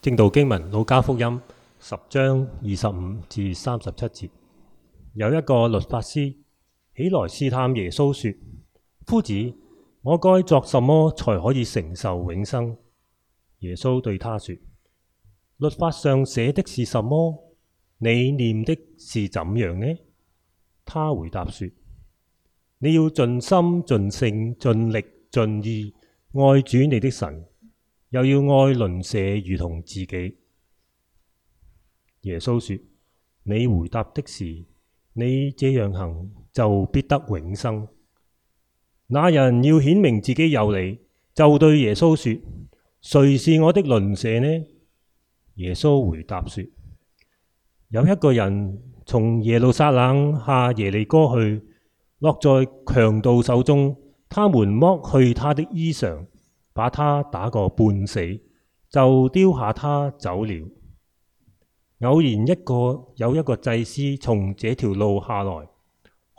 正道經文《路加福音》十章二十五至三十七節，有一個律法師起來試探耶穌，說：夫子，我該作什麼才可以承受永生？耶穌對他說：律法上寫的是什麼？你念的是怎樣呢？他回答說：你要盡心、盡性、盡力、盡意愛主你的神。又要愛鄰舍如同自己。耶穌說：你回答的是，你這樣行就必得永生。那人要顯明自己有理，就對耶穌說：誰是我的鄰舍呢？耶穌回答說：有一個人從耶路撒冷下耶利哥去，落在強盜手中，他們剝去他的衣裳。把他打個半死，就丟下他走了。偶然一個有一個祭司從這條路下來，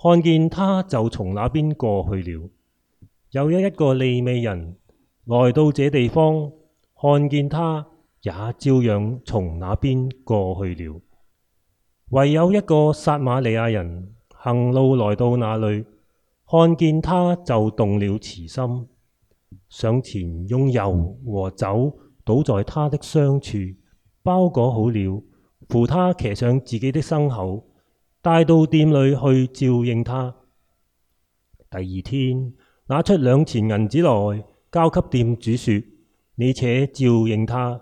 看見他就從那邊過去了。又有一個利未人來到這地方，看見他也照樣從那邊過去了。唯有一個撒瑪利亞人行路來到那裏，看見他就動了慈心。上前用油和酒倒在他的傷處，包裹好了，扶他騎上自己的身後，帶到店裏去照應他。第二天，拿出兩錢銀子來，交給店主說：你且照應他，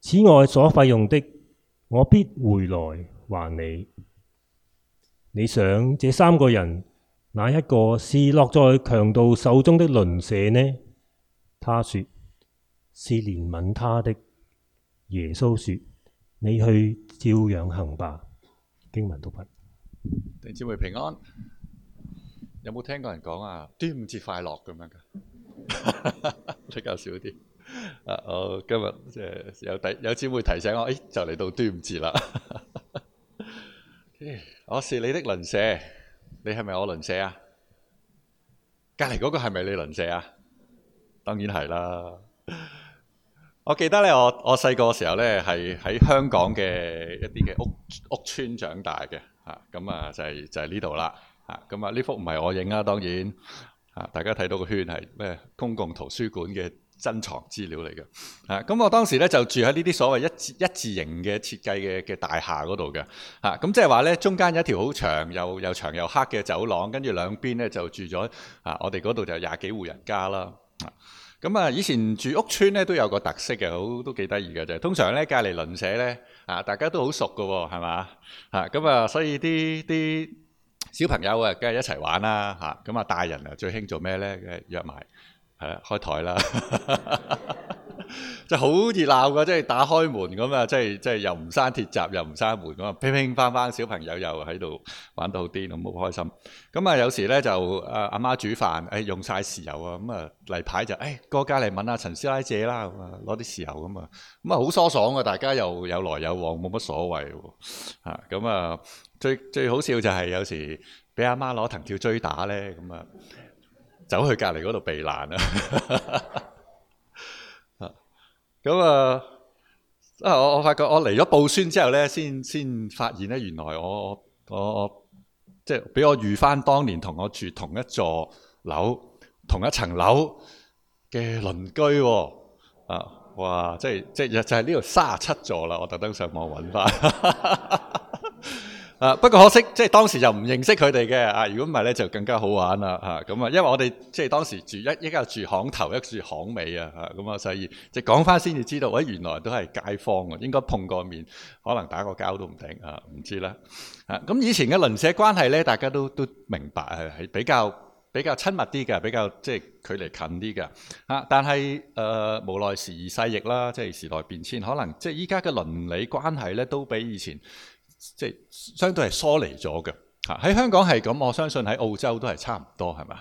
此外所費用的，我必回來還你。你想，這三個人哪一個是落在強盜手中的鄰舍呢？他說：是憐憫他的。耶穌說：你去照樣行吧。經文讀畢。弟兄姊妹平安。有冇聽過人講啊？端午節快樂咁樣㗎？ 比較少啲。啊，我、哦、今日即係有弟有姊妹提醒我，哎，就嚟到端午節啦。 我是你的鄰舍，你係咪我鄰舍啊？隔離嗰個係咪你鄰舍啊？當然係啦！我記得咧，我我細個嘅時候咧，係喺香港嘅一啲嘅屋屋村長大嘅咁啊，啊就係、係、就係呢度啦，咁啊呢幅唔係我影啊，當然、啊、大家睇到個圈係咩？公共圖書館嘅珍藏資料嚟嘅，咁我當時咧就住喺呢啲所謂一,一字一字型嘅設計嘅嘅大廈嗰度嘅，咁即係話咧中間有一條好長又又長又黑嘅走廊，跟住兩邊咧就住咗啊，我哋嗰度就廿幾戶人家啦。咁啊，以前住屋村咧都有個特色嘅，好都幾得意嘅。就係，通常咧，隔籬鄰舍咧，啊，大家都好熟噶，係嘛？吓，咁啊，所以啲啲小朋友啊，梗係一齊玩啦，吓，咁啊，大人啊最興做咩咧？約埋。係啊，開台啦，即係好熱鬧㗎，即係打開門咁啊，即係即係又唔閂鐵閘，又唔閂門咁啊，乒乒乓乓，小朋友又喺度玩到好癲，好開心。咁啊，有時咧就阿阿媽煮飯，誒、哎、用晒豉油、哎、啊，咁啊例牌就誒過家嚟問阿陳師奶借啦，咁啊攞啲豉油咁啊，咁啊好疏爽㗎，大家又有來有往，冇乜所謂喎。嚇，咁啊最最好笑就係有時俾阿媽攞藤條追打咧，咁啊～走去隔離嗰度避難 啊！咁啊，啊我我發覺我嚟咗報孫之後咧，先先發現咧，原來我我即係俾我遇翻當年同我住同一座樓同一層樓嘅鄰居、哦、啊！哇！即係即係就係呢度三十七座啦，我特登上網揾翻。啊！不過可惜，即係當時就唔認識佢哋嘅啊。如果唔係咧，就更加好玩啦嚇。咁啊，因為我哋即係當時住一一家住巷頭，一家住巷尾啊。嚇咁啊，所以即係講翻先至知道，我哋原來都係街坊啊，應該碰過面，可能打過交都唔定啊，唔知啦。嚇咁以前嘅鄰舍關係咧，大家都都明白係係比較比較親密啲嘅，比較即係距離近啲嘅嚇。但係誒、呃，無奈時移世易啦，即係時代變遷，可能即係依家嘅鄰里關係咧，都比以前，即係相對係疏離咗嘅，嚇喺香港係咁，我相信喺澳洲都係差唔多，係咪？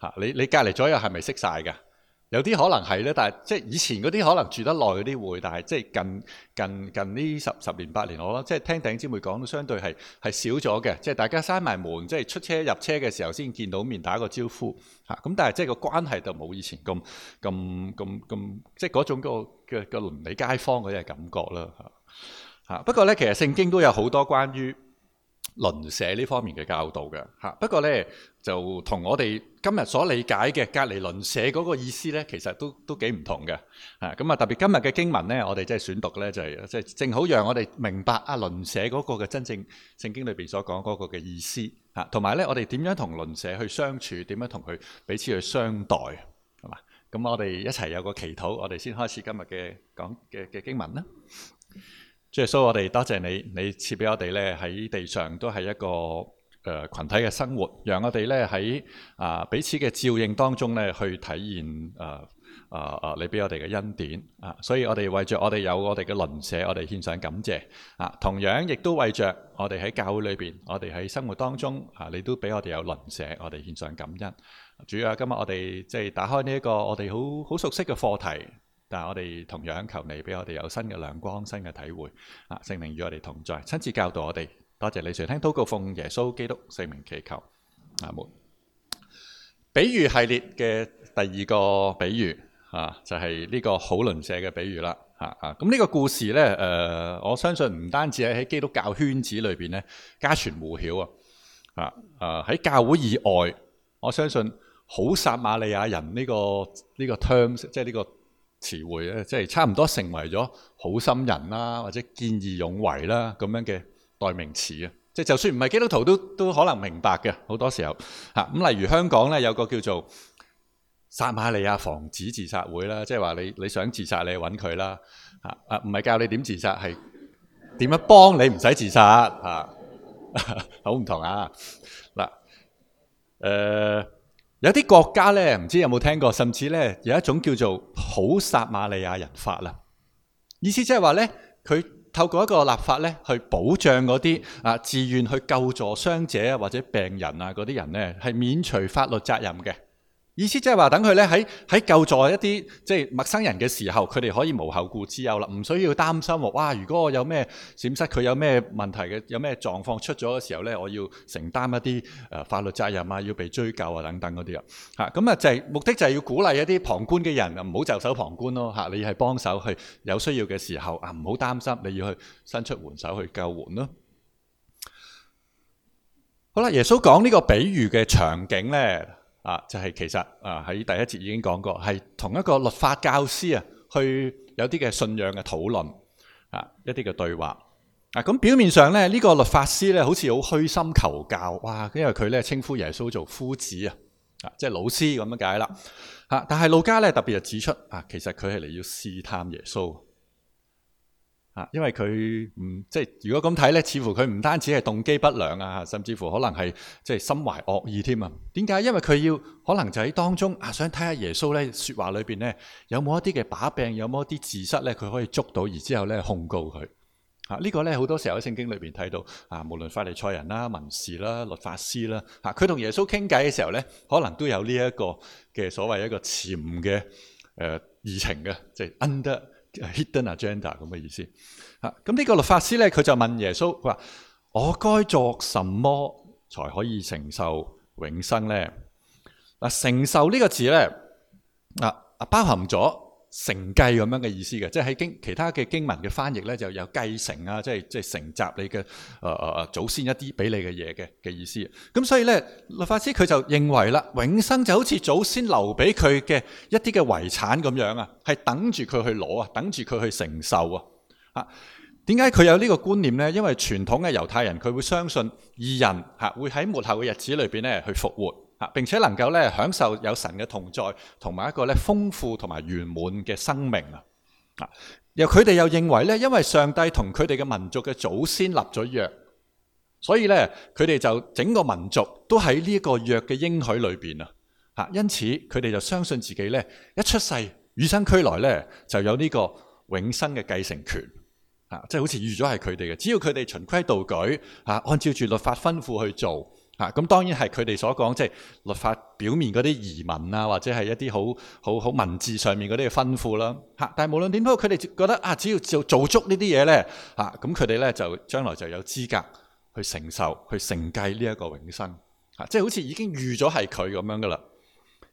嚇你你隔離左右係咪識晒嘅？有啲可能係咧，但係即係以前嗰啲可能住得耐嗰啲會，但係即係近近近呢十十年八年我，我即係聽頂姊妹講，都相對係係少咗嘅。即係大家閂埋門，即係出車入車嘅時候先見到面，打個招呼嚇。咁但係即係個關係就冇以前咁咁咁咁，即係嗰種，種，種、嗰個嘅嘅鄰里街坊嗰啲嘅感覺啦嚇。吓，不過咧，其實聖經都有好多關於鄰舍呢方面嘅教導嘅。吓，不過咧就同我哋今日所理解嘅隔離鄰舍嗰個意思咧，其實都都幾唔同嘅。啊，咁啊，特別今日嘅經文咧，我哋即係選讀咧，就係即係正好讓我哋明白啊鄰舍嗰個嘅真正聖經裏邊所講嗰個嘅意思。吓，同埋咧，我哋點樣同鄰舍去相處，點樣同佢彼此去相待，係嘛？咁我哋一齊有個祈禱，我哋先開始今日嘅講嘅嘅經文啦。即係，所以、so, 我哋多謝，謝你，你賜俾我哋咧喺地上都係一個誒羣、呃、體嘅生活，讓我哋咧喺啊彼此嘅照應當中咧去體驗誒誒誒你俾我哋嘅恩典啊！所以我哋為着我哋有我哋嘅鄰舍，我哋獻上感謝啊！同樣亦都為着我哋喺教會裏邊，我哋喺生活當中啊，你都俾我哋有鄰舍，我哋獻上感恩。主啊，今日我哋即係打開呢一個我哋好好熟悉嘅課題。但係我哋同樣求你俾我哋有新嘅亮光、新嘅體會啊！聖靈與我哋同在，親自教導我哋。多謝你，常聽禱告，奉耶穌基督聖名祈求，阿們，比喻系列嘅第二個比喻啊，就係、是、呢個好鄰舍嘅比喻啦啊！咁、啊、呢、這個故事咧、呃，我相信唔單止喺基督教圈子裏面咧家傳戶曉啊啊！喺、啊、教會以外，我相信好撒瑪利亞人呢個呢個 terms 即係呢個。這個 term, 詞彙咧，即係差唔多成為咗好心人啦，或者見義勇為啦咁樣嘅代名詞啊！即係就算唔係基督徒都都可能明白嘅，好多時候嚇咁。例如香港咧有個叫做撒瑪利亞防止自殺會啦，即係話你你想自殺你揾佢啦嚇啊！唔係教你點自殺，係點樣幫你唔使自殺嚇，好、啊、唔 同啊嗱誒。有啲國家咧，唔知有冇聽過，甚至咧有一種叫做好撒瑪利亞人法啦。意思即係話咧，佢透過一個立法咧，去保障嗰啲啊，自願去救助傷者啊或者病人啊嗰啲人咧，係免除法律責任嘅。意思即係話，等佢咧喺喺救助一啲即係陌生人嘅時候，佢哋可以無後顧之憂啦，唔需要擔心。哇，如果我有咩閃失，佢有咩問題嘅，有咩狀況出咗嘅時候咧，我要承擔一啲誒法律責任啊，要被追究啊等等嗰啲啊。吓，咁啊就係目的就係要鼓勵一啲旁觀嘅人啊，唔好袖手旁觀咯。吓，你係幫手去有需要嘅時候啊，唔好擔心，你要去伸出援手去救援咯。好啦，耶穌講呢個比喻嘅場景咧。啊，就係、是、其實啊，喺第一節已經講過，係同一個律法教師啊，去有啲嘅信仰嘅討論啊，一啲嘅對話啊。咁表面上咧，呢、這個律法師咧，好似好虛心求教，哇！因為佢咧稱呼耶穌做夫子啊，啊，即係老師咁樣解啦。吓，但係路加咧特別就指出啊，其實佢係嚟要試探耶穌。啊，因為佢唔即係如果咁睇咧，似乎佢唔單止係動機不良啊，甚至乎可能係即係心懷惡意添啊？點解？因為佢要可能就喺當中啊，想睇下耶穌咧説話裏邊咧有冇一啲嘅把柄，有冇一啲自失咧，佢可以捉到，而之後咧控告佢。啊，呢個咧好多時候喺聖經裏邊睇到啊，無論法利賽人啦、文士啦、律法師啦，嚇佢同耶穌傾偈嘅時候咧，可能都有呢一個嘅所謂一個潛嘅誒議程嘅，即係 under。Hidden agenda 咁嘅意思，啊，咁呢個律法師咧，佢就問耶穌，佢話我該作什麼才可以承受永生咧？嗱，承受呢個字咧，啊啊，包含咗。承繼咁樣嘅意思嘅，即係喺其他嘅經文嘅翻譯咧，就有繼承啊，即係即係承襲你嘅誒、呃、祖先一啲俾你嘅嘢嘅嘅意思。咁所以咧，律法師佢就認為啦，永生就好似祖先留俾佢嘅一啲嘅遺產咁樣啊，係等住佢去攞啊，等住佢去承受啊。嚇？點解佢有呢個觀念咧？因為傳統嘅猶太人佢會相信義人嚇會喺末後嘅日子裏面咧去復活。啊！並且能夠咧享受有神嘅同在，同埋一個咧豐富同埋圓滿嘅生命啊！又佢哋又認為咧，因為上帝同佢哋嘅民族嘅祖先立咗約，所以咧佢哋就整個民族都喺呢個約嘅應許裏面。啊！因此佢哋就相信自己咧一出世與生俱來咧就有呢個永生嘅繼承權啊！即係好似預咗係佢哋嘅，只要佢哋循規蹈矩啊，按照住律法吩咐去做。咁、啊、當然係佢哋所講，即、就、係、是、律法表面嗰啲移民啊，或者係一啲好好好文字上面嗰啲吩咐啦、啊。但係無論點都，佢哋覺得啊，只要做做足、啊、呢啲嘢咧，咁佢哋咧就將來就有資格去承受、去承繼呢一個永生。即、啊、係、就是、好似已經預咗係佢咁樣噶啦。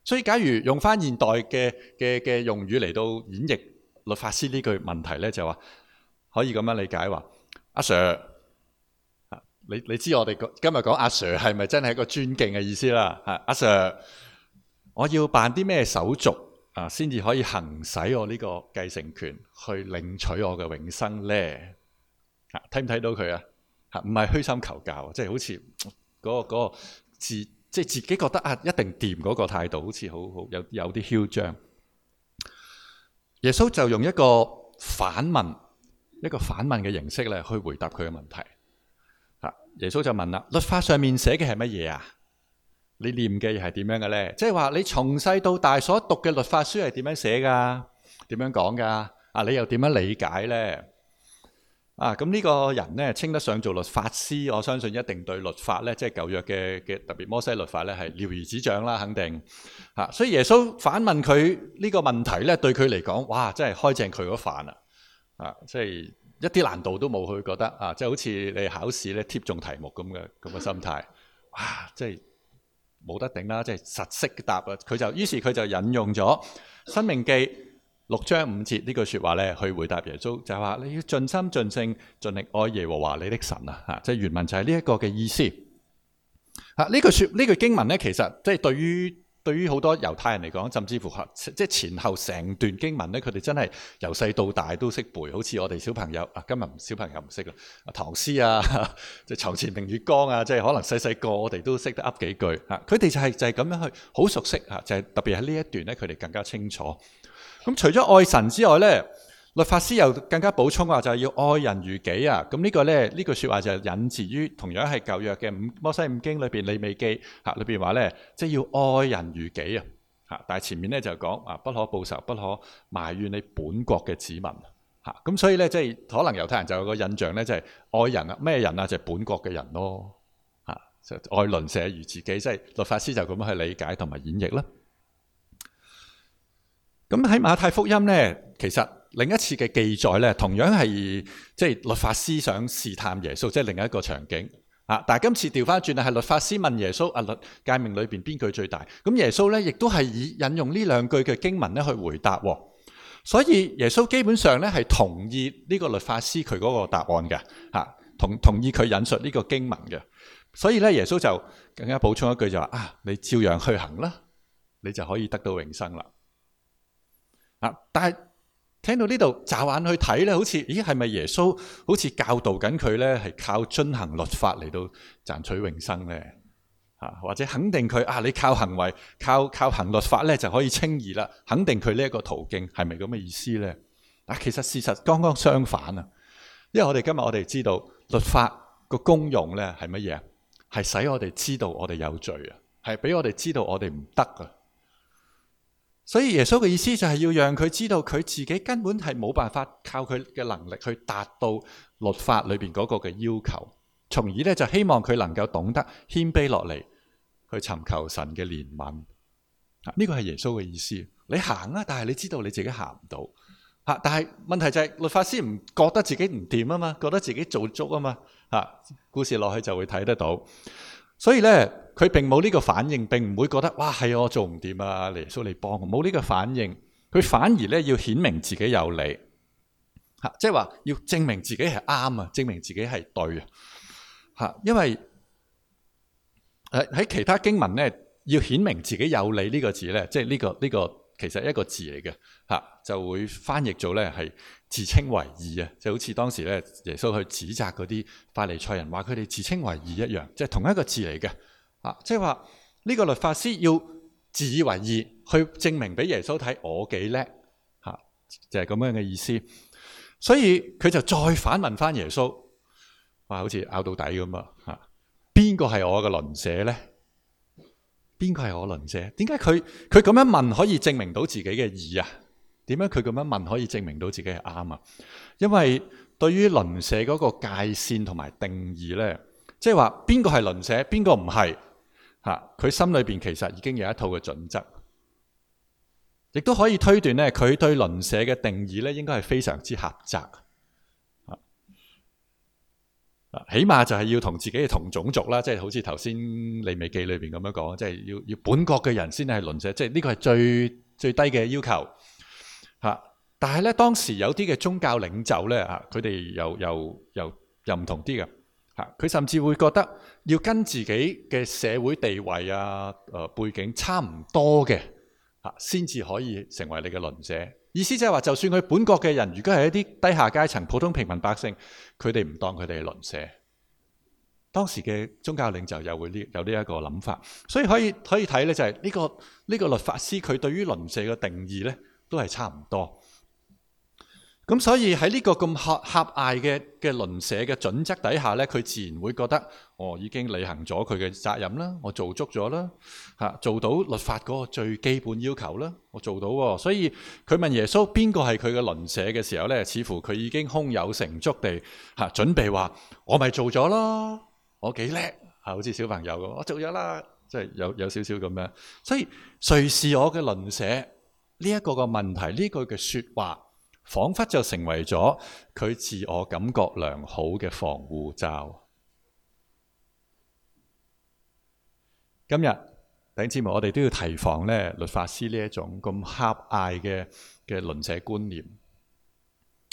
所以假如用翻現代嘅嘅嘅用語嚟到演繹律法師呢句問題咧，就話可以咁樣理解話，阿、啊、Sir。你你知我哋今今日講阿 Sir 係咪真係一個尊敬嘅意思啦？吓，阿 Sir，我要辦啲咩手續啊，先至可以行使我呢個繼承權去領取我嘅永生咧？吓，睇唔睇到佢啊？吓，唔係虛心求教，即係好似嗰個嗰個自即係自己覺得啊，一定掂嗰個態度，好似好好有有啲囂張。耶穌就用一個反問，一個反問嘅形式咧，去回答佢嘅問題。耶穌就問啦，律法上面寫嘅係乜嘢啊？你念嘅係點樣嘅咧？即係話你從細到大所讀嘅律法書係點樣寫噶？點樣講噶？啊，你又點樣理解咧？啊，咁、這、呢個人咧稱得上做律法師，我相信一定對律法咧，即、就、係、是、舊約嘅嘅特別摩西律法咧係了如指掌啦，肯定吓、啊。所以耶穌反問佢呢個問題咧，對佢嚟講，哇，真係開正佢個飯啦，啊，即係。一啲難度都冇去覺得啊，即係好似你考試咧貼中題目咁嘅咁嘅心態，哇、啊！即係冇得頂啦，即係實識答啊！佢就於是佢就引用咗《申命記》六章五節呢句説話咧，去回答耶穌，就係話你要盡心盡性盡力愛耶和華你的神啊！嚇、啊，即係原文就係呢一個嘅意思啊！呢句説呢句經文咧，其實即係對於。對於好多猶太人嚟講，甚至乎合即係前後成段經文咧，佢哋真係由細到大都識背，好似我哋小朋友啊，今日小朋友唔識啦，啊唐詩啊，即係床前明月光啊，即係可能細細個我哋都識得噏幾句啊，佢哋就係就係咁樣去好熟悉啊，就係特別喺呢一段咧，佢哋更加清楚。咁除咗愛神之外咧。律法師又更加補充話，就係要愛人如己啊！咁呢個咧呢句說話就係引自於同樣係舊約嘅摩西五經裏邊，你未記吓？裏邊話咧，即係要愛人如己啊！吓，但係前面咧就講啊，不可報仇，不可埋怨你本國嘅子民吓，咁、啊、所以咧，即係可能猶太人就有個印象咧，就係愛人啊，咩人啊，就係本國嘅人咯！吓、啊，就愛鄰舍如自己，即係律法師就咁去理解同埋演繹啦。咁喺馬太福音咧。其實另一次嘅記載咧，同樣係即係律法師想試探耶穌，即係另一個場景啊。但係今次調翻轉啊，係律法師問耶穌啊律誡命裏邊邊句最大？咁耶穌咧亦都係以引用呢兩句嘅經文咧去回答。所以耶穌基本上咧係同意呢個律法師佢嗰個答案嘅，吓，同同意佢引述呢個經文嘅。所以咧耶穌就更加補充一句就話啊，你照樣去行啦，你就可以得到永生啦。啊，但係。聽到呢度，驟眼去睇咧，好似咦，係咪耶穌好似教導緊佢咧，係靠遵行律法嚟到賺取永生咧？啊，或者肯定佢啊，你靠行為、靠靠，靠行律法咧，就可以稱義啦。肯定佢呢一個途徑係咪咁嘅意思咧？啊，其實事實剛剛相反啊，因為我哋今日我哋知道律法個功用咧係乜嘢？係使我哋知道我哋有罪啊，係俾我哋知道我哋唔得。所以耶穌嘅意思就係要讓佢知道佢自己根本係冇辦法靠佢嘅能力去達到律法裏邊嗰個嘅要求，從而咧就希望佢能夠懂得謙卑落嚟，去尋求神嘅憐憫。呢個係耶穌嘅意思。你行啊，但係你知道你自己行唔到。吓，但係問題就係律法師唔覺得自己唔掂啊嘛，覺得自己做足啊嘛。吓，故事落去就會睇得到。所以咧，佢並冇呢個反應，並唔會覺得哇，係我做唔掂啊！耶穌嚟幫我，冇呢個反應，佢反而咧要顯明自己有理，嚇，即係話要證明自己係啱啊，證明自己係對啊，嚇，因為喺喺其他經文咧，要顯明自己有理呢個字咧，即係呢個呢個。其實一個字嚟嘅，吓，就會翻譯做咧係自稱為義啊，就好似當時咧耶穌去指責嗰啲法利賽人，話佢哋自稱為義一樣，即係同一個字嚟嘅，啊，即係話呢個律法師要自以為義，去證明俾耶穌睇我幾叻，吓，就係咁樣嘅意思。所以佢就再反問翻耶穌，哇，好似拗到底咁啊，吓，邊個係我嘅鄰舍咧？邊個係我鄰舍？點解佢佢咁樣問可以證明到自己嘅義啊？點解佢咁樣問可以證明到自己係啱啊？因為對於鄰舍嗰個界線同埋定義咧，即係話邊個係鄰舍，邊個唔係吓？佢心裏邊其實已經有一套嘅準則，亦都可以推斷咧，佢對鄰舍嘅定義咧，應該係非常之狹窄。起碼就係要同自己嘅同種族啦，即係好似頭先《利未記》裏面咁樣講，即係要要本國嘅人先係鄰舍，即係呢個係最最低嘅要求。但係咧，當時有啲嘅宗教領袖咧嚇，佢哋又又又又唔同啲嘅嚇，佢甚至會覺得要跟自己嘅社會地位啊、誒背景差唔多嘅嚇，先至可以成為你嘅鄰舍。意思就係話，就算佢本國嘅人，如果係一啲低下階層、普通平民百姓，佢哋唔當佢哋係鄰舍。當時嘅宗教領袖又會呢有呢一個諗法，所以可以可以睇咧，這個，就係呢個呢個律法師佢對於鄰舍嘅定義咧，都係差唔多。咁所以喺呢個咁狹狹隘嘅嘅鄰舍嘅準則底下呢，佢自然會覺得，我、哦、已經履行咗佢嘅責任啦，我做足咗啦，吓做到律法嗰個最基本要求啦，我做到、哦。所以佢問耶穌邊個係佢嘅鄰舍嘅時候呢？似乎佢已經胸有成竹地吓準備話，我咪做咗咯，我幾叻吓，好似小朋友咁，我做咗啦，即係有有少少咁樣。所以誰是我嘅鄰舍呢一、這個嘅問題呢句嘅說話？彷彿就成為咗佢自我感覺良好嘅防護罩，今。今日頂節目，我哋都要提防咧律法師呢一種咁狹隘嘅嘅鄰舍觀念、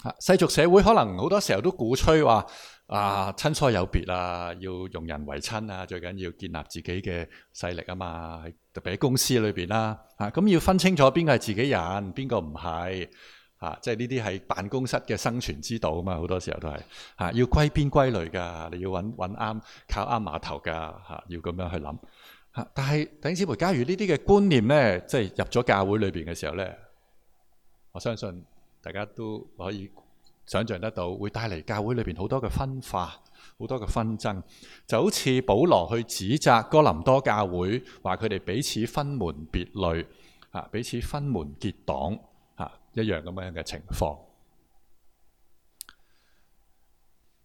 啊。世俗社會可能好多時候都鼓吹話啊親疏有別啊，要用人為親啊，最緊要建立自己嘅勢力啊嘛。特別喺公司裏邊啦，嚇、啊、咁、啊、要分清楚邊個係自己人，邊個唔係。啊！即係呢啲係辦公室嘅生存之道啊嘛，好多時候都係啊，要歸邊歸類㗎，你要揾揾啱靠啱碼頭㗎嚇，要咁、啊、樣去諗嚇、啊。但係等於話，假如呢啲嘅觀念咧，即係入咗教會裏邊嘅時候咧，我相信大家都可以想像得到，會帶嚟教會裏邊好多嘅分化、好多嘅紛爭。就好似保羅去指責哥林多教會，話佢哋彼此分門別類嚇，彼此分門結黨。一樣咁樣嘅情況，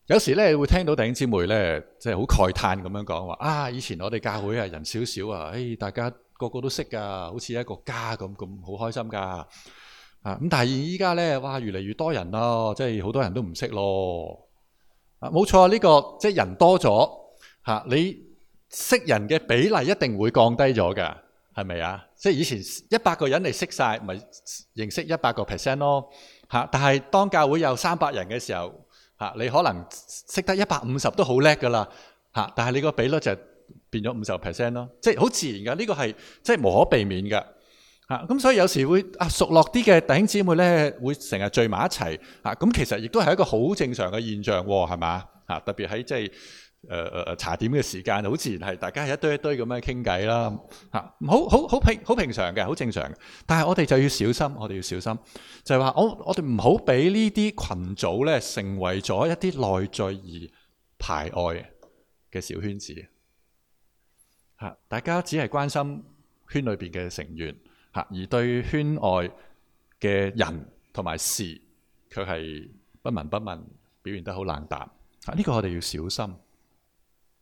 有時咧會聽到弟兄姊妹咧，即係好慨嘆咁樣講話，啊，以前我哋教會啊，人少少啊，誒，大家個個都識噶，好似一個家咁，咁好開心噶，啊！咁但係依家咧，哇，越嚟越多人咯，即係好多人都唔識咯，啊，冇錯呢個即係人多咗，啊，你識人嘅比例一定會降低咗㗎，係咪啊？即係以前一百個人你識晒，咪認識一百個 percent 咯嚇。但係當教會有三百人嘅時候嚇、啊，你可能識得一百五十都好叻㗎喇嚇。但係你個比率就變咗五十 percent 咯。即係好自然㗎，呢、呢個係即係無可避免㗎嚇。咁、啊、所以有時會啊熟落啲嘅弟兄姊妹咧，會成日聚埋一齊嚇。咁、啊、其實亦都係一個好正常嘅現象喎、啊，係嘛嚇？特別喺即係。誒誒誒，茶點嘅時間好自然，係大家係一堆一堆咁樣傾偈啦嚇，好好好，好平好平常嘅，好正常嘅。但係我哋就要小心，我哋要小心，就係話我我哋唔好俾呢啲群組咧成為咗一啲內在而排外嘅小圈子嚇。大家只係關心圈裏邊嘅成員嚇，而對圈外嘅人同埋事佢係不聞不問，表現得好冷淡嚇。呢個我哋要小心。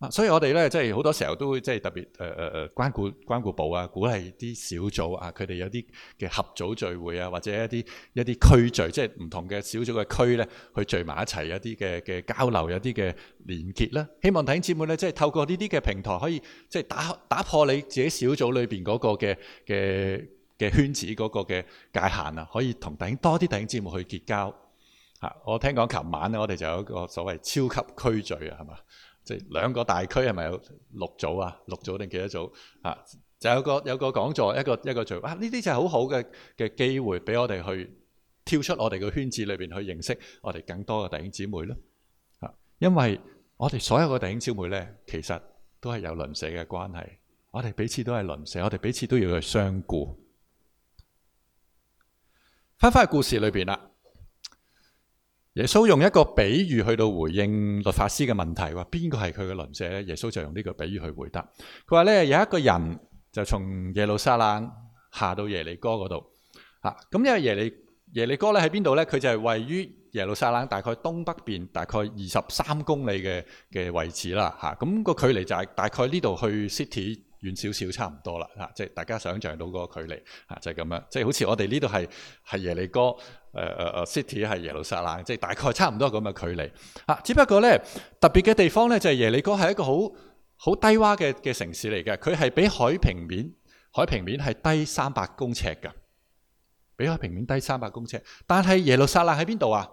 啊，所以我哋咧，即係好多時候都會即係特別誒誒誒關顧關顧部啊，鼓勵啲小組啊，佢哋有啲嘅合組聚會啊，或者一啲一啲區聚，即係唔同嘅小組嘅區咧，去聚埋一齊，有一啲嘅嘅交流，有一啲嘅連結啦。希望弟兄姊妹咧，即係透過呢啲嘅平台，可以即係打打破你自己小組裏邊嗰個嘅嘅嘅圈子嗰、嗰個嘅界限啊，可以同弟兄多啲弟兄姊妹去結交嚇、啊。我聽講琴晚咧，我哋就有一個所謂超級區聚啊，係嘛？即係兩個大區係咪有六組啊？六組定幾多組啊？就有個有個講座，一個一個組。哇、啊！呢啲就係好好嘅嘅機會俾我哋，俾我哋去跳出我哋嘅圈子裏邊去認識我哋更多嘅弟兄姊妹咯。嚇、啊，因為我哋所有嘅弟兄姊妹咧，其實都係有鄰舍嘅關係。我哋彼此都係鄰舍，我哋彼此都要去相顧。翻返去故事裏邊啦。耶穌用一個比喻去到回應律法師嘅問題，話邊個係佢嘅鄰舍咧？耶穌就用呢個比喻去回答。佢話咧，有一個人就從耶路撒冷下到耶利哥嗰度。嚇、啊，咁因為耶利耶利哥咧喺邊度咧？佢就係位於耶路撒冷大概東北邊大概二十三公里嘅嘅位置啦。嚇、啊，咁、那個距離就係大概呢度去 City 遠少少，差唔多啦。嚇，即係大家想像到嗰個距離，嚇、啊、就係、是、咁樣。即、就、係、是、好似我哋呢度係係耶利哥。誒誒誒、uh, City 係耶路撒冷，即係大概差唔多咁嘅距離。嚇，只不過咧特別嘅地方咧就係耶利哥係一個好好低洼嘅嘅城市嚟嘅，佢係比海平面海平面係低三百公尺㗎，比海平面低三百公尺。但係耶路撒冷喺邊度啊？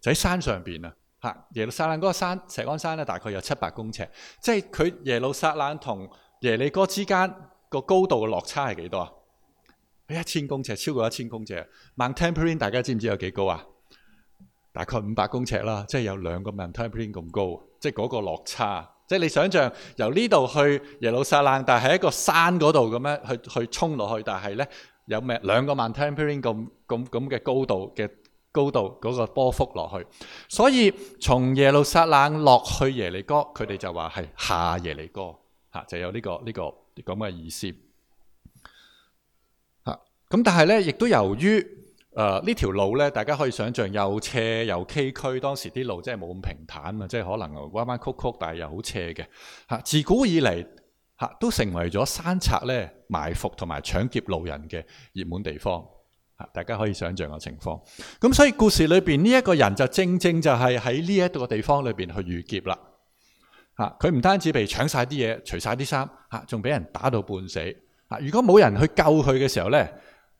就喺山上邊啊！嚇，耶路撒冷嗰個山石安山咧，大概有七百公尺。即係佢耶路撒冷同耶利哥之間個高度嘅落差係幾多啊？一千公尺，超過一千公尺。萬泰培林大家知唔知有幾高啊？大概五百公尺啦，即係有兩個萬泰培林咁高，即係嗰個落差。即係你想象由呢度去耶路撒冷，但係喺一個山嗰度咁樣去去衝落去，但係咧有咩兩個萬泰培林咁咁咁嘅高度嘅高度嗰個波幅落去。所以從耶路撒冷落去耶利哥，佢哋就話係下耶利哥嚇，就有呢個呢個咁嘅意思。咁但係咧，亦都由於、呃、呢條路咧，大家可以想像又斜又崎嶇，當時啲路真係冇咁平坦啊，即係可能彎彎曲曲，但係又好斜嘅、啊、自古以嚟、啊、都成為咗山賊咧埋伏同埋搶劫路人嘅熱門地方、啊、大家可以想像個情況。咁所以故事裏面呢一個人就正正就係喺呢一個地方裏面去遇劫啦，佢唔單止被搶晒啲嘢、除晒啲衫，仲俾人打到半死、啊、如果冇人去救佢嘅時候咧，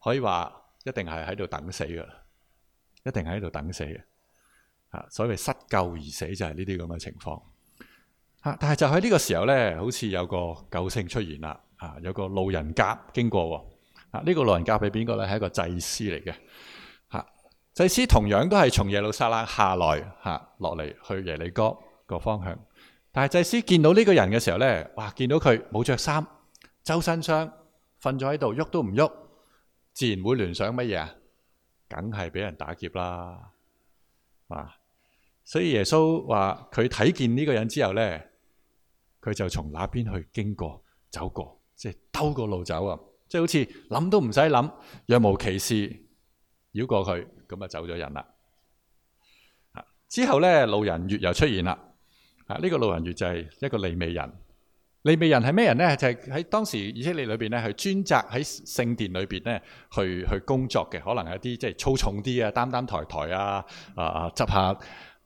可以話一定係喺度等死㗎。一定係喺度等死嘅，所謂失救而死就係呢啲咁嘅情況。但係就喺呢個時候咧，好似有個救星出現啦，有個路人甲經過喎。呢個路人甲係邊個咧？係一個祭司嚟嘅。吓，祭司同樣都係從耶路撒冷下來，吓，落嚟去耶利哥個方向。但係祭司見到呢個人嘅時候咧，哇，見到佢冇着衫，周身傷，瞓咗喺度，喐都唔喐。自然會聯想乜嘢啊？梗係俾人打劫啦，啊！所以耶穌話佢睇見呢個人之後咧，佢就從那邊去經過、走過，即係兜個路走啊！即係好似諗都唔使諗，若無其事繞過佢，咁啊走咗人啦。之後咧，路人乙又出現啦。呢、啊這個路人乙就係一個利未人。利未人係咩人咧？就係喺當時以色列裏邊咧，係專責喺聖殿裏邊咧去去工作嘅，可能有啲即係粗重啲啊，擔擔抬抬啊，啊執下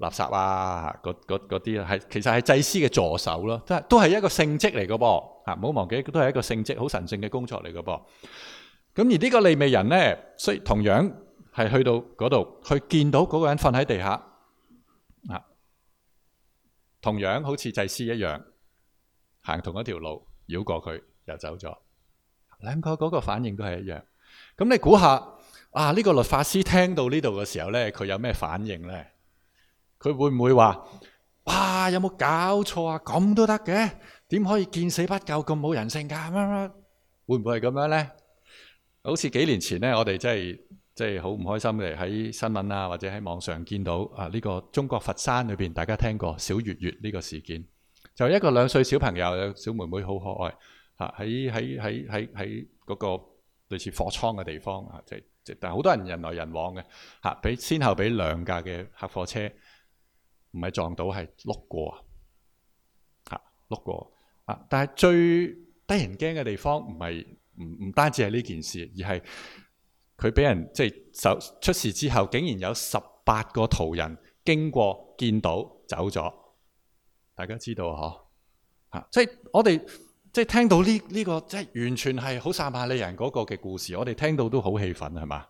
垃圾啊，嗰嗰嗰啲啊，係其實係祭司嘅助手咯，都係都係一個聖職嚟噶噃，吓唔好忘記都係一個聖職，好神聖嘅工作嚟噶噃。咁而呢個利未人咧，所以同樣係去到嗰度去見到嗰個人瞓喺地下，啊，同樣好似祭司一樣。行同一條路，繞過佢又走咗，兩個嗰個反應都係一樣。咁你估下啊？呢個律法師聽到呢度嘅時候咧，佢有咩反應咧？佢會唔會話：哇，有冇搞錯啊？咁都得嘅？點可以見死不救咁冇人性㗎？乜乜？會唔會係咁樣咧？好似幾年前咧，我哋真係即係好唔開心地喺新聞啊，或者喺網上見到啊呢個中國佛山裏邊，大家聽過小月月呢個事件。就一個兩歲小朋友，有小妹妹好可愛嚇，喺喺喺喺喺嗰個類似貨倉嘅地方啊，即係即但係好多人人來人往嘅嚇，俾先後俾兩架嘅客貨車唔係撞到，係碌過嚇碌過啊！但係最得人驚嘅地方唔係唔唔單止係呢件事，而係佢俾人即係手出事之後，竟然有十八個途人經過見到走咗。大家知道嗬，嚇、啊，即係我哋即係聽到呢呢、這個即係完全係好撒瑪利人嗰個嘅故事，我哋聽到都好氣憤，係嘛？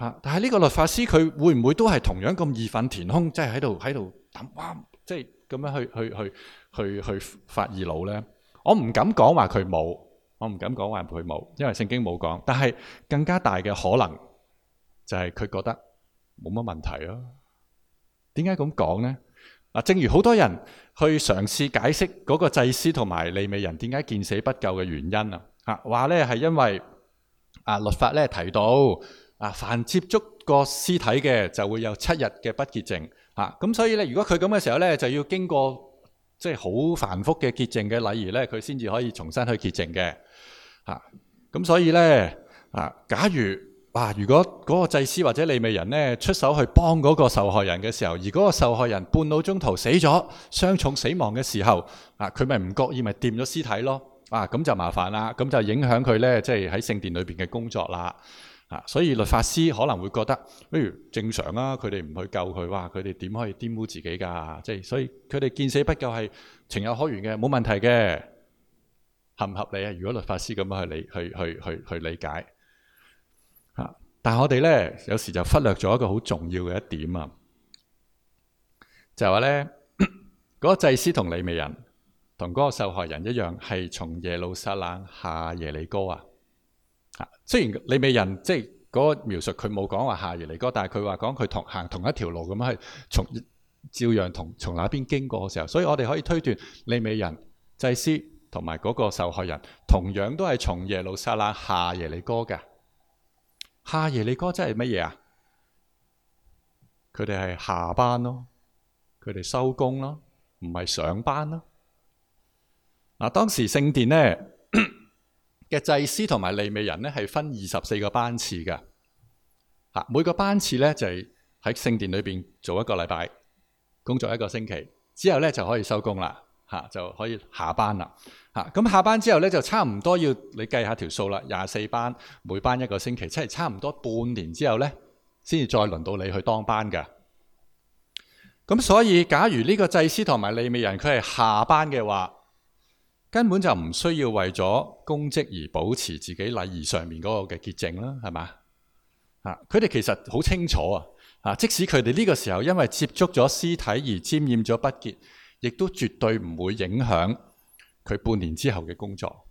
嚇、啊！但係呢個律法師佢會唔會都係同樣咁義憤填膺、就是啊，即係喺度喺度揼，即係咁樣去去去去去發二腦呢？我唔敢講話佢冇，我唔敢講話佢冇，因為聖經冇講。但係更加大嘅可能就係佢覺得冇乜問題咯、啊。點解咁講呢？嗱，正如好多人去嘗試解釋嗰個祭司同埋利未人點解見死不救嘅原因啊，話咧係因為啊律法咧提到啊，凡接觸過屍體嘅就會有七日嘅不潔淨啊，咁所以咧如果佢咁嘅時候咧，就要經過即係好繁複嘅潔淨嘅禮儀咧，佢先至可以重新去潔淨嘅啊，咁所以咧啊，假如啊，如果嗰個祭司或者利未人呢，出手去幫嗰個受害人嘅時候，而嗰個受害人半路中途死咗，傷重死亡嘅時候，啊，佢咪唔覺意咪掂咗屍體咯？啊，咁就麻煩啦，咁就影響佢呢，即係喺聖殿裏邊嘅工作啦。啊，所以律法師可能會覺得，不如正常啦，啊，佢哋唔去救佢，哇，佢哋點可以玷污自己噶，啊？即、就、係、是、所以佢哋見死不救係情有可原嘅，冇問題嘅，合唔合理啊？如果律法師咁樣去理、去、去、去、去理解？但係我哋咧，有時就忽略咗一個好重要嘅一點啊，就係話咧，嗰個祭司同利未人同嗰個受害人一樣，係從耶路撒冷下耶利哥啊。吓，雖然利未人即係嗰個描述，佢冇講話下耶利哥，但係佢話講佢同行同一條路咁樣係，從照樣同從那邊經過嘅時候，所以我哋可以推斷，利未人祭司同埋嗰個受害人同樣都係從耶路撒冷下耶利哥噶。夏夜你哥真係乜嘢啊？佢哋係下班咯，佢哋收工咯，唔係上班咯。嗱，當時聖殿咧嘅祭司同埋利未人咧係分二十四個班次㗎。吓，每個班次咧就係喺聖殿裏面做一個禮拜，工作一個星期，之後咧就可以收工啦，吓，就可以下班啦。咁下班之後咧，就差唔多要你計下條數啦。廿四班，每班一個星期，即係差唔多半年之後咧，先至再輪到你去當班嘅。咁所以，假如呢個祭司同埋利未人佢係下班嘅話，根本就唔需要為咗公職而保持自己禮儀上面嗰個嘅潔淨啦，係嘛？啊，佢哋其實好清楚啊！啊，即使佢哋呢個時候因為接觸咗屍體而沾染咗不潔，亦都絕對唔會影響。佢半年之後嘅工作，